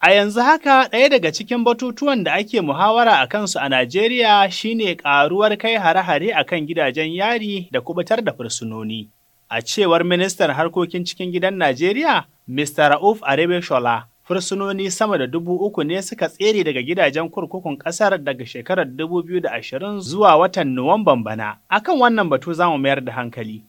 A yanzu haka ɗaya daga cikin batutuwan da ake muhawara a kansu a Najeriya shine ƙaruwar kai hare-hare a kan gidajen yari da kubutar da fursunoni. A cewar ministan harkokin cikin gidan Najeriya, Mr. Rauf Arebeshola, fursunoni sama da dubu uku ne suka tsere daga gidajen kurkukun ƙasar daga shekarar 2020 zuwa watan Nuwamban bana. Akan wannan batu za mu mayar da hankali.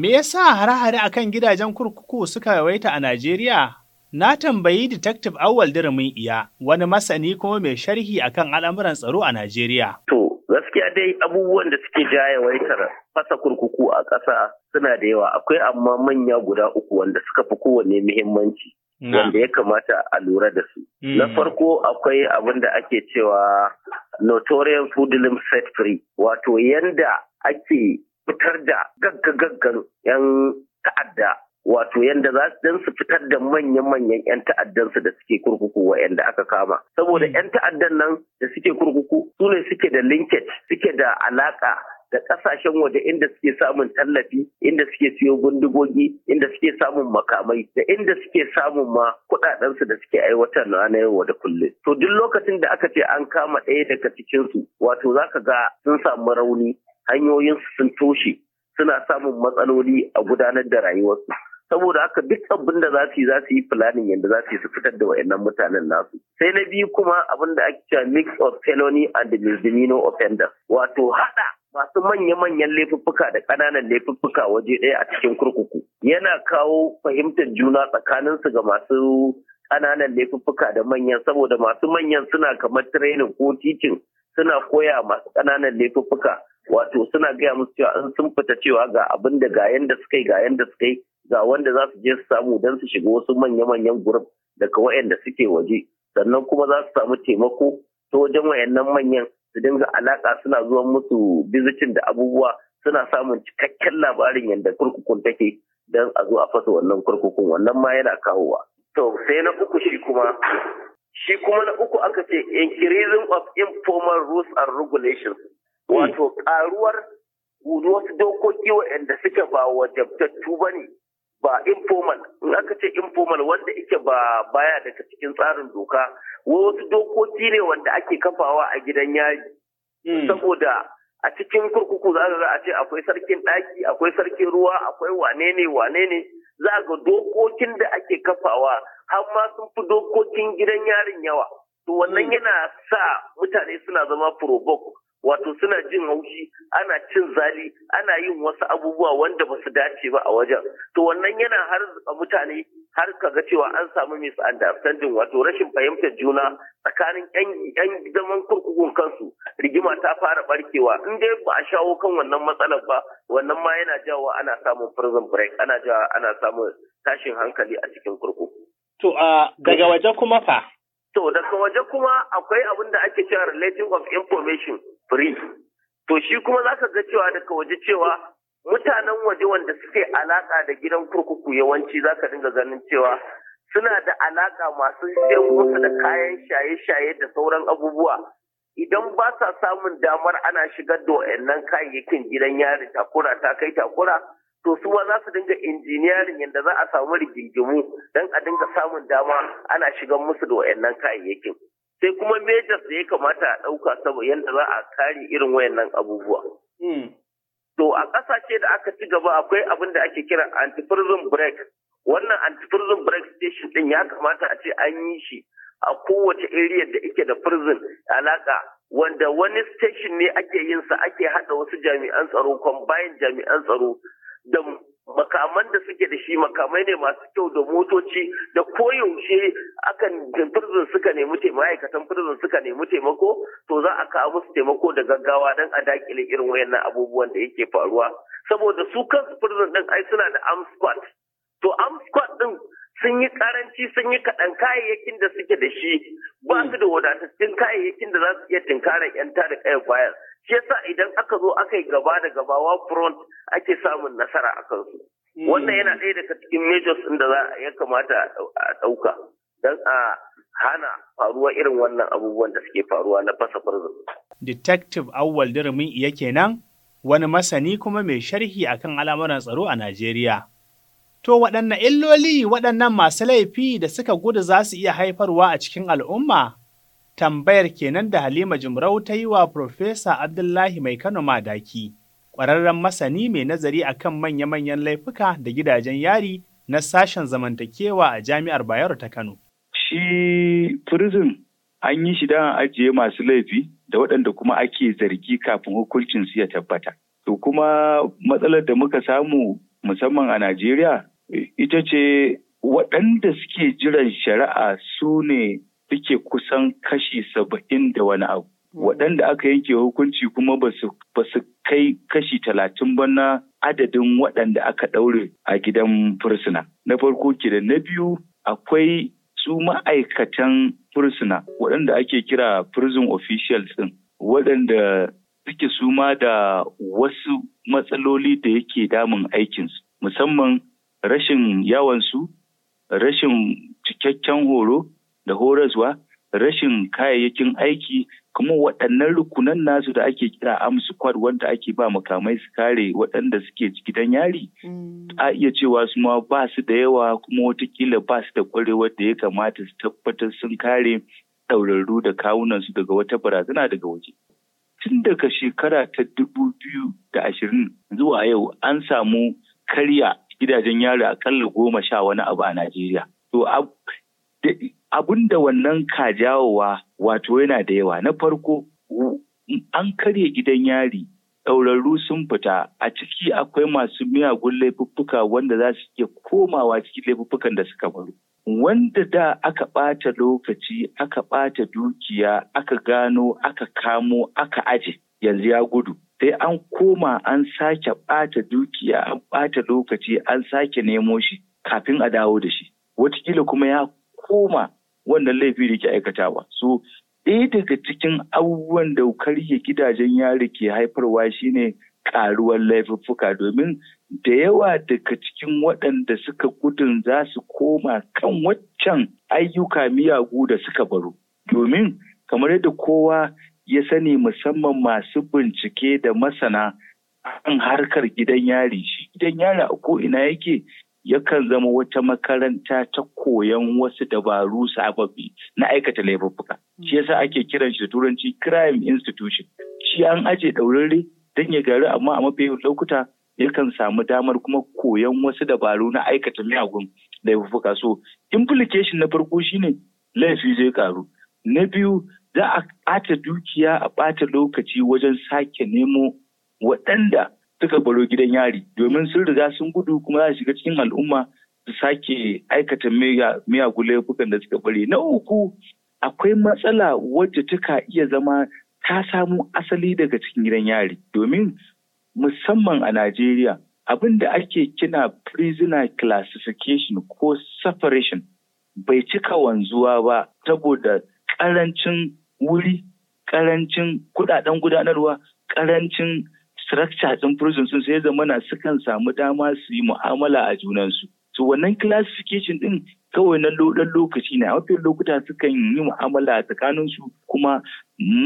Me yasa hare-hare a kan gidajen kurkuku suka yawaita a Najeriya? Na tambayi Detective Awal Dirimin Iya, wani masani kuma mai sharhi akan al'amuran tsaro a Najeriya. To, gaskiya dai abubuwan da suke ja yawaitar fasa kurkuku a ƙasa suna da yawa. Akwai amma manya guda uku wanda suka fi kowane muhimmanci. Wanda ya kamata a lura da su. Hmm. Na farko akwai abin da ake cewa notorious hoodlum set free, wato yanda ake fitar da gagga 'yan ta'adda wato yadda za su su fitar da manyan-manyan 'yan ta'addansu da suke kurkuku wa'yanda aka kama saboda hmm. 'yan ta'addan nan da suke kurkuku su ne suke da linkage suke da alaka da kasashen waje inda suke samun tallafi inda suke siyo bindigogi inda suke samun makamai da inda suke samun ma kudadensu da suke aiwatar na yau da kullum to duk lokacin da aka ce an kama ɗaya daga cikin su wato zaka ga sun samu rauni Hanyoyin sun toshe suna samun matsaloli a gudanar da rayuwarsu saboda haka duk abin da za su yi za yi planning yadda za su yi su fitar da wayannan mutanen nasu sai na biyu kuma abin da ake cewa mix of felony and misdemeanor offenders wato hada masu manya-manyan laifuffuka da ƙananan laifuffuka waje ɗaya a cikin kurkuku yana kawo fahimtar juna tsakaninsu ga masu ƙananan laifuffuka da manyan saboda masu manyan suna kamar training ko titin suna koya masu ƙananan laifuffuka wato suna gaya musu cewa an sun fita cewa ga abin da ga yanda suka yi ga yanda suka yi ga wanda za su je su samu don su shiga wasu manya-manyan gurup daga wayanda suke waje sannan kuma za su samu taimako ta wajen wayannan manyan su dinga alaka suna zuwa musu bizitin da abubuwa suna samun cikakken labarin yadda kurkukun take don a zo a fasa wannan kurkukun wannan ma yana kawowa. To sai na uku shi kuma shi kuma na uku aka ce increasing of informal rules and regulations Eh. Wato karuwar wasu dokoki waɗanda suke ba wajabtattu ba ne ba informal in aka ce informal wanda ike ba baya daga cikin tsarin doka wasu dokoki ne wanda ake kafawa a gidan yaji hmm. saboda a cikin kurkuku za ga a ce akwai sarkin ɗaki akwai sarkin ruwa akwai wane ne wane ne za ga dokokin da ake kafawa har ma sun fi dokokin gidan yarin yawa to wannan hmm. yana sa mutane suna zama provoke wato suna jin haushi ana cin zali ana yin wasu abubuwa wanda ba su dace ba a wajen to wannan yana har mutane har ka ga cewa an samu misunderstanding wato rashin fahimtar juna tsakanin yan zaman kurkukun kansu rigima ta fara barkewa in dai ba a shawo kan wannan matsalar ba wannan ma yana jawo ana samun prison break ana jawo ana samun tashin hankali a cikin kurkuku to a daga waje kuma fa To daga waje kuma akwai abin da ake cewa relating of information free to shi kuma za ka ga cewa daga waje cewa mutanen waje wanda suke alaka da gidan kurkuku yawanci za ka dinga ganin cewa suna da alaka masu siyan musu da kayan shaye-shaye da sauran abubuwa idan ba sa samun damar ana shigar da wayannan kayayyakin gidan yari takura ta kai takura to su ma za su dinga injiniyarin yadda za a samu rigingimu don a dinga samun dama ana shigar musu da wayannan kayayyakin sai kuma Majors da ya kamata a ɗauka saboda yadda za a kare irin wayannan abubuwa. Hmm. To a ƙasashe da aka ci gaba akwai abin da ake kira anti-prison break. Wannan anti-prison break station ɗin ya kamata a ce an yi shi a kowace area da ike da prison alaƙa wanda wani station ne ake yin sa ake haɗa wasu jami'an tsaro combined jami'an tsaro da makaman da suke da shi makamai ne masu kyau da motoci da koyaushe akan firzin suka nemi taimako ma'aikatan firzin suka nemi taimako to za a kawo musu taimako da gaggawa don a dakile irin wayannan abubuwan da yake faruwa saboda su kansu firzin din ai suna da arm squad to arm squad din sun yi karanci sun yi kaɗan kayayyakin da suke da shi ba su da hmm. wadatattun kayayyakin da za su iya tinkarar 'yan da kayan bayan shi yasa idan aka zo aka yi gaba da gabawa front ake samun nasara a kansu hmm. wannan yana ɗaya daga cikin majors da za ya kamata a ɗauka don a hana faruwa irin wannan abubuwan da suke faruwa na fasa farzin. Detective Awwal Dirimin iya kenan wani masani kuma mai sharhi akan al'amuran tsaro a Najeriya. To waɗannan illoli waɗannan masu laifi da suka gudu za su iya haifarwa a cikin al'umma? tambayar kenan da Halima Jimrau ta yi wa Profesa Abdullahi Mai Kano Madaki, ƙwararren masani mai nazari a kan manya-manyan laifuka da gidajen yari na sashen zamantakewa a Jami'ar Bayero ta Kano. Shi prison an yi shi don ajiye masu laifi da waɗanda kuma ake zargi kafin hukuncin su ya tabbata. To kuma matsalar da muka samu musamman a Najeriya ita ce waɗanda suke jiran shari'a su ne suke kusan kashi saba'in da wani abu. Waɗanda aka yanke hukunci kuma ba su kai kashi talatin ba na adadin waɗanda aka ɗaure a gidan fursuna. Na farko da na biyu akwai su ma'aikatan fursuna waɗanda ake kira prison officials ɗin waɗanda suke suma da wasu matsaloli da yake damun aikinsu musamman rashin yawansu rashin cikakken horo da horaswa rashin kayayyakin aiki kuma waɗannan rukunan nasu da ake kira amsquad wanda ake ba makamai su kare waɗanda suke gidan yari mm. a iya cewa su ma ba su da yawa kuma watakila ba su da kwarewar da ya kamata su tabbatar sun kare ɗaurarru da kawunansu daga wata barazana daga waje tun daga shekara ta dubu biyu da ashirin zuwa yau an samu karya gidajen yari akalla goma sha wani abu a najeriya to abin da wannan kajawowa wato yana da yawa na farko an karya gidan yari ɗaurarru sun fita a ciki akwai masu miyagun laifuffuka wanda za su iya komawa cikin laifuffukan da suka baro wanda da aka ɓata lokaci aka ɓata dukiya aka gano aka kamo aka aje yanzu ya gudu sai an koma an sake ɓata dukiya an ɓata lokaci an sake nemo shi kafin a dawo da shi watakila kuma ya koma wannan laifi da ke aikatawa so ɗaya daga cikin abubuwan da ke gidajen yari ke haifarwa shine karuwar laifuffuka domin da yawa daga cikin waɗanda suka gudun za su koma kan waccan ayyuka miyagu da suka baro domin kamar yadda kowa ya sani musamman masu bincike da masana kan harkar gidan yari shi gidan yari a ko'ina yake yakan zama wata makaranta ta koyon wasu dabaru sababi na aikata laifuffuka. Hmm. Shi yasa ake kiran shi da turanci crime institution. Shi an aje ɗaurare don ya gari amma a mafi lokuta yakan samu damar kuma koyon wasu dabaru na aikata miyagun laifuffuka. So implication na farko shine laifi zai karu. Na biyu za a ɓata dukiya a ɓata lokaci wajen sake nemo waɗanda suka baro gidan yari domin sun riga sun gudu kuma za su shiga cikin al'umma su sake aikata miyagun laifukan da suka bare. Na uku akwai matsala wadda taka iya zama ta samu asali daga cikin gidan yari domin musamman a Najeriya abin da ake kina prisoner classification ko separation bai cika wanzuwa ba saboda ƙarancin wuri, ƙarancin kuɗaɗen gudanarwa, karancin structure ɗin prison sun sai zamana sukan samu dama su yi mu'amala a junansu. to wannan classification ɗin kawai na ɗan lokaci ne a mafi lokuta sukan yi mu'amala a tsakaninsu kuma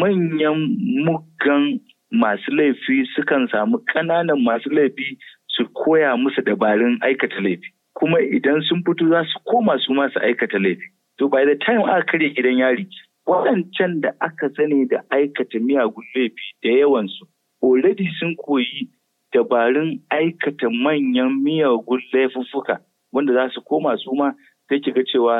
manyan muggan masu laifi sukan samu ƙananan masu laifi su koya musu dabarun aikata laifi kuma idan sun fito za su koma su masu aikata laifi to by the time aka karya gidan yari waɗancan da aka sani da aikata miyagun laifi da yawansu already sun koyi dabarun aikata manyan miyagun laifuffuka wanda za su koma su ma sai kiga cewa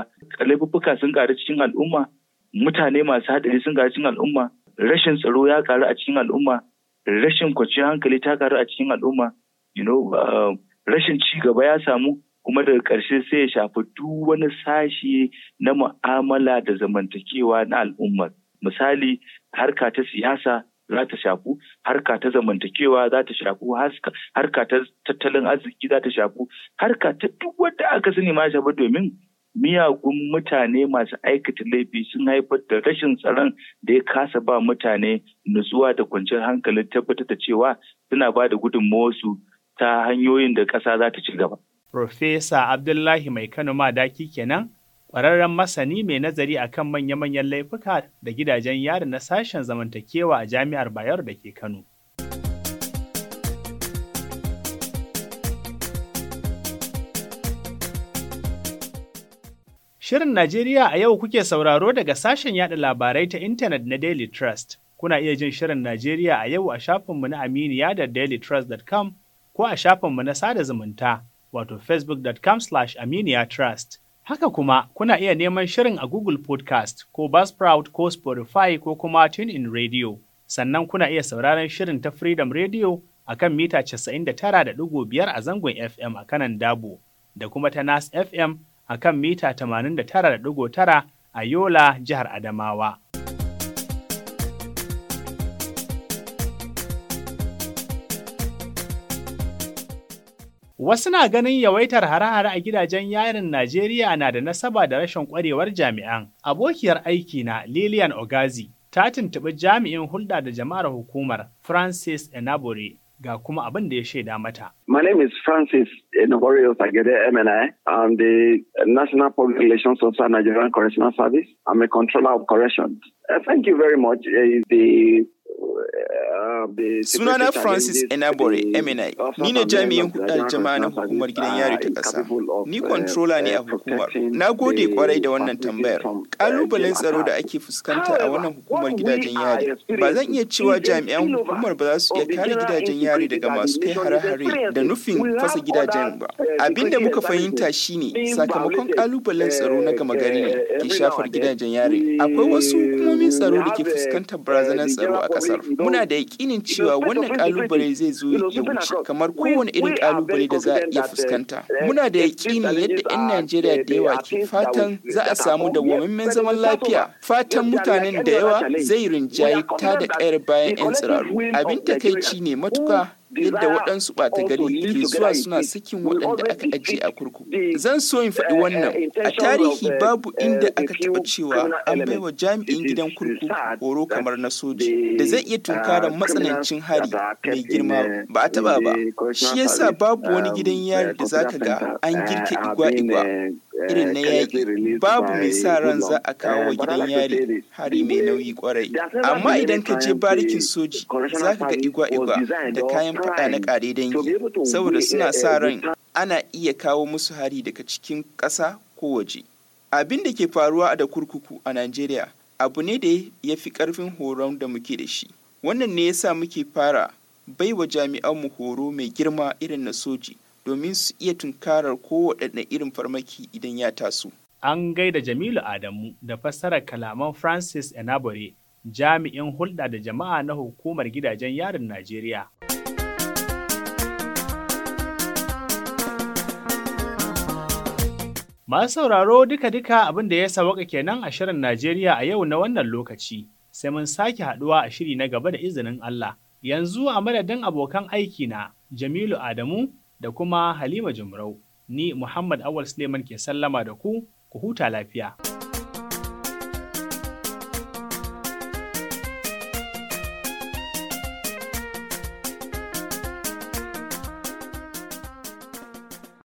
laifuffuka sun karu cikin al'umma mutane masu haɗari sun karu cikin al'umma rashin tsaro ya karu a cikin al'umma rashin kwanciyar hankali ta karu a cikin al'umma you know uh, rashin ci gaba ya samu kuma daga ƙarshe sai ya shafi duk wani sashi na mu'amala da zamantakewa na al'umma misali harka ta siyasa za ta shafu harka ta zamantakewa za ta shafu harka ta tattalin arziki za ta shafu harka ta duk wadda aka sani ma shafa domin miyagun mutane masu aikata laifi sun haifar da rashin tsaron da ya kasa ba mutane nutsuwa da kwanciyar hankalin tabbatar da cewa suna ba da gudunmawarsu ta hanyoyin da ƙasa za ta ci gaba. Profesa Abdullahi Mai Kano Madaki kenan ƙwararren masani mai nazari a kan manya-manyan laifuka da gidajen yari na sashen zamantakewa a jami'ar Bayero da ke Kano. Shirin Najeriya a yau kuke sauraro daga sashen yada labarai ta intanet na Daily Trust. Kuna iya jin Shirin Najeriya a yau a shafinmu na Aminiya da dailytrust.com ko a shafinmu na sada zumunta wato facebook.com/aminiya trust. Haka kuma kuna iya neman shirin a Google Podcast ko Buzzsprout ko Spotify ko kuma TuneIn Radio. Sannan kuna iya sauraron shirin ta Freedom Radio a kan mita 99.5 a zangon FM a kanan Dabo da kuma ta Nas FM a kan mita 89.9 a Yola, jihar Adamawa. Wasu na ganin yawaitar hare-hare a gidajen yarin Najeriya na da nasaba da rashin kwarewar jami'an. Abokiyar aiki na Lilian Ogazi ta tuntuɓi jami'in hulɗa da jama'ar hukumar Francis Enabore ga kuma abin da ya shaida mata. My name is Francis Enabore of Agede MNI. I'm the National Public Relations Officer, Nigerian Correctional Service. I'm a controller of corrections. Uh, thank you very much. Uh, the Uh, sunana francis enabore emina ni ne jami'in hudar jama'a na hukumar gidan yari ta ƙasa ni controller ne uh, a uh, hukumar na gode kwarai da wannan tambayar ƙalubalen tsaro da ake fuskanta a wannan hukumar gidajen yari ba zan iya cewa jami'an hukumar ba za su iya kare gidajen yari daga masu kai hare-hare da nufin fasa gidajen ba abin da muka fahimta shine sakamakon ƙalubalen tsaro na gama gari ne ke shafar gidajen yari akwai wasu Hukumomin tsaro da ke fuskantar eh, barazanar tsaro a kasar muna da yakinin cewa wannan kalubale zai zo ya wuce kamar kowane irin kalubale da za a iya fuskanta. Eh, muna da yakinin yadda 'yan Najeriya da yawa ke fatan za a samu da wamimmin zaman lafiya. Fatan mutanen da yawa zai rinjaye ta da kayar bayan 'yan tsiraru. Abin takaici ne matuka yadda waɗansu ɓata gari ke zuwa suna sakin waɗanda aka ajiye a kurkuku. Zan so in faɗi uh, uh, wannan, a tarihi uh, babu inda aka taɓa cewa an baiwa jami'in gidan kurkuku horo kamar na soji da zai iya tunkarar matsanancin hari mai girma ba a taɓa ba. Shi yasa babu wani um, gidan yari da zaka ga an girka igwa-igwa irin eh, na yaƙi babu mai sa ran za a kawo eh, gidan yari hari mai eh, nauyi kwarai amma idan ka je barikin soji za ka ga igwa-igwa da kayan fada na ƙare dangi saboda suna sa ran ana iya kawo musu hari daga cikin ƙasa ko waje abin da ke faruwa da kurkuku a najeriya abu ne da ya fi ƙarfin horon da muke da shi wannan ne yasa muke fara baiwa mu horo mai girma irin na soji domin su iya tunkarar kowaɗanne irin farmaki idan ya taso. An gaida Jamilu Adamu da fassarar kalaman Francis Enabore, jami'in hulɗa da jama'a na hukumar gidajen yarin Najeriya. Masu sauraro duka-duka abin da ya sawaka kenan a shirin Najeriya a yau na wannan lokaci, sai mun sake haɗuwa a shiri na gaba da izinin Allah. Yanzu a madadin abokan aiki na Jamilu Adamu da kuma Halima Jumrau. Ni Muhammad Awal Suleiman ke sallama da ku, ku huta lafiya.